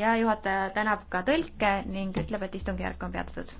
ja juhataja tänab ka tõlke ning ütleb, et istungjärk on peatatud.